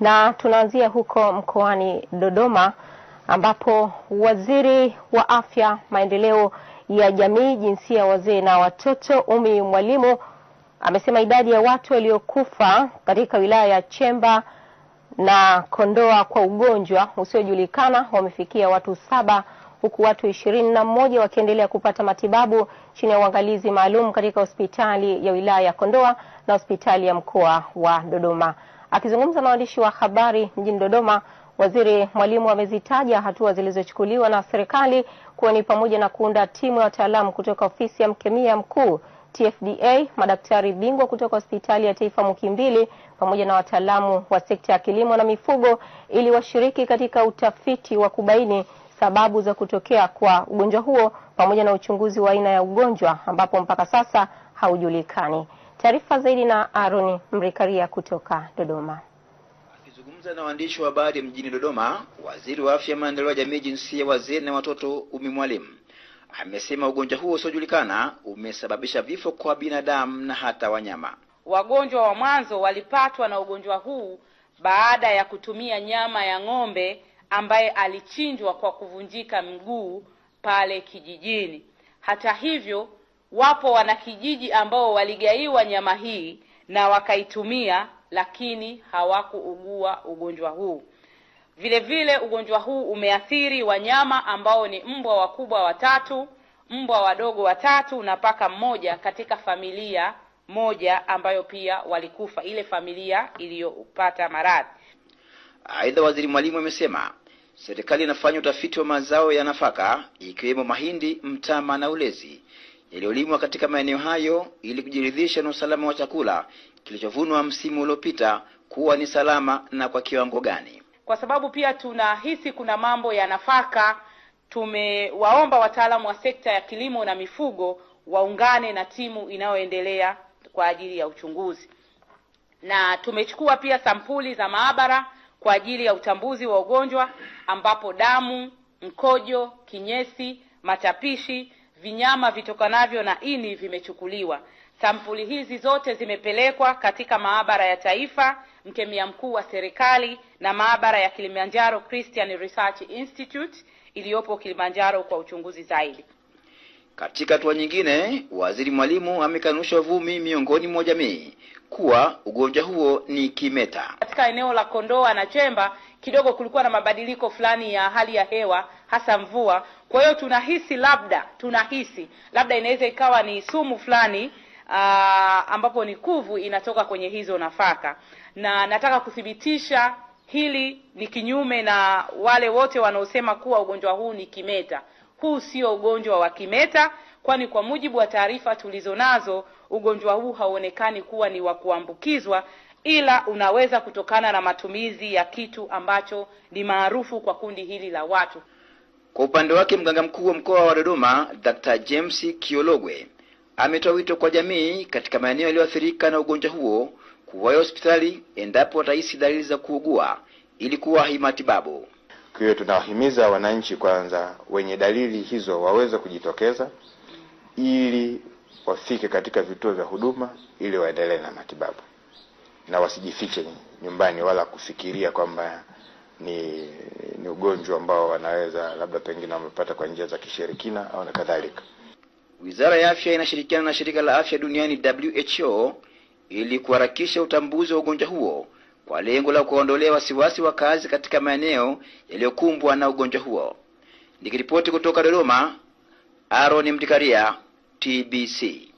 na tunaanzia huko mkoani Dodoma ambapo waziri wa afya, maendeleo ya jamii, jinsia, wazee na watoto Umi Mwalimu amesema idadi ya watu waliokufa katika wilaya ya Chemba na Kondoa kwa ugonjwa usiojulikana wamefikia watu saba huku watu ishirini na mmoja wakiendelea kupata matibabu chini ya uangalizi maalum katika hospitali ya wilaya ya Kondoa na hospitali ya mkoa wa Dodoma. Akizungumza na waandishi wa habari mjini Dodoma, Waziri Mwalimu amezitaja hatua zilizochukuliwa na serikali kuwa ni pamoja na kuunda timu ya wataalamu kutoka ofisi ya mkemia mkuu TFDA, madaktari bingwa kutoka hospitali ya taifa Muhimbili pamoja na wataalamu wa sekta ya kilimo na mifugo ili washiriki katika utafiti wa kubaini sababu za kutokea kwa ugonjwa huo pamoja na uchunguzi wa aina ya ugonjwa ambapo mpaka sasa haujulikani. Taarifa zaidi na Aruni Mrikaria kutoka Dodoma. Akizungumza na waandishi wa habari mjini Dodoma, waziri wa afya, maendeleo ya jamii, jinsia, wazee na watoto Umi Mwalimu amesema ugonjwa huo usiojulikana umesababisha vifo kwa binadamu na hata wanyama. Wagonjwa wa mwanzo walipatwa na ugonjwa huu baada ya kutumia nyama ya ng'ombe ambaye alichinjwa kwa kuvunjika mguu pale kijijini. Hata hivyo wapo wanakijiji ambao waligaiwa nyama hii na wakaitumia, lakini hawakuugua ugonjwa huu. Vile vile ugonjwa huu umeathiri wanyama ambao ni mbwa wakubwa watatu, mbwa wadogo watatu na paka mmoja katika familia moja ambayo pia walikufa, ile familia iliyopata maradhi. Aidha, Waziri Mwalimu amesema serikali inafanya utafiti wa mazao ya nafaka ikiwemo mahindi, mtama na ulezi yaliyolimwa katika maeneo hayo ili kujiridhisha na usalama wa chakula kilichovunwa msimu uliopita kuwa ni salama na kwa kiwango gani, kwa sababu pia tunahisi kuna mambo ya nafaka. Tumewaomba wataalamu wa sekta ya kilimo na mifugo waungane na timu inayoendelea kwa ajili ya uchunguzi, na tumechukua pia sampuli za maabara kwa ajili ya utambuzi wa ugonjwa ambapo damu, mkojo, kinyesi, matapishi vinyama vitokanavyo na ini vimechukuliwa. Sampuli hizi zote zimepelekwa katika maabara ya Taifa, mkemia mkuu wa serikali na maabara ya Kilimanjaro Christian Research Institute iliyopo Kilimanjaro kwa uchunguzi zaidi. Katika hatua nyingine, waziri Mwalimu amekanusha uvumi miongoni mwa jamii kuwa ugonjwa huo ni kimeta. Katika eneo la Kondoa na Chemba kidogo kulikuwa na mabadiliko fulani ya hali ya hewa, hasa mvua. Kwa hiyo tunahisi labda, tunahisi labda inaweza ikawa ni sumu fulani aa, ah, ambapo ni kuvu inatoka kwenye hizo nafaka, na nataka kuthibitisha hili ni kinyume na wale wote wanaosema kuwa ugonjwa huu ni kimeta. Huu sio ugonjwa wa kimeta, kwani kwa mujibu wa taarifa tulizonazo, ugonjwa huu hauonekani kuwa ni wa kuambukizwa, ila unaweza kutokana na matumizi ya kitu ambacho ni maarufu kwa kundi hili la watu. Kwa upande wake, mganga mkuu wa mkoa wa Dodoma Dr. James Kiologwe ametoa wito kwa jamii katika maeneo yaliyoathirika na ugonjwa huo kuwaya hospitali endapo watahisi dalili za kuugua ili kuwahi matibabu. Kwa hiyo tunawahimiza wananchi kwanza, wenye dalili hizo waweze kujitokeza ili wafike katika vituo vya huduma ili waendelee na matibabu na wasijifiche nyumbani wala kufikiria kwamba ni, ni ugonjwa ambao wanaweza labda pengine wamepata kwa njia za kishirikina au na kadhalika. Wizara ya Afya inashirikiana na Shirika la Afya Duniani WHO ili kuharakisha utambuzi wa ugonjwa huo kwa lengo la kuwaondolea wasiwasi wa kazi katika maeneo yaliyokumbwa na ugonjwa huo. Nikiripoti kutoka Dodoma, Aaron Mtikaria, TBC.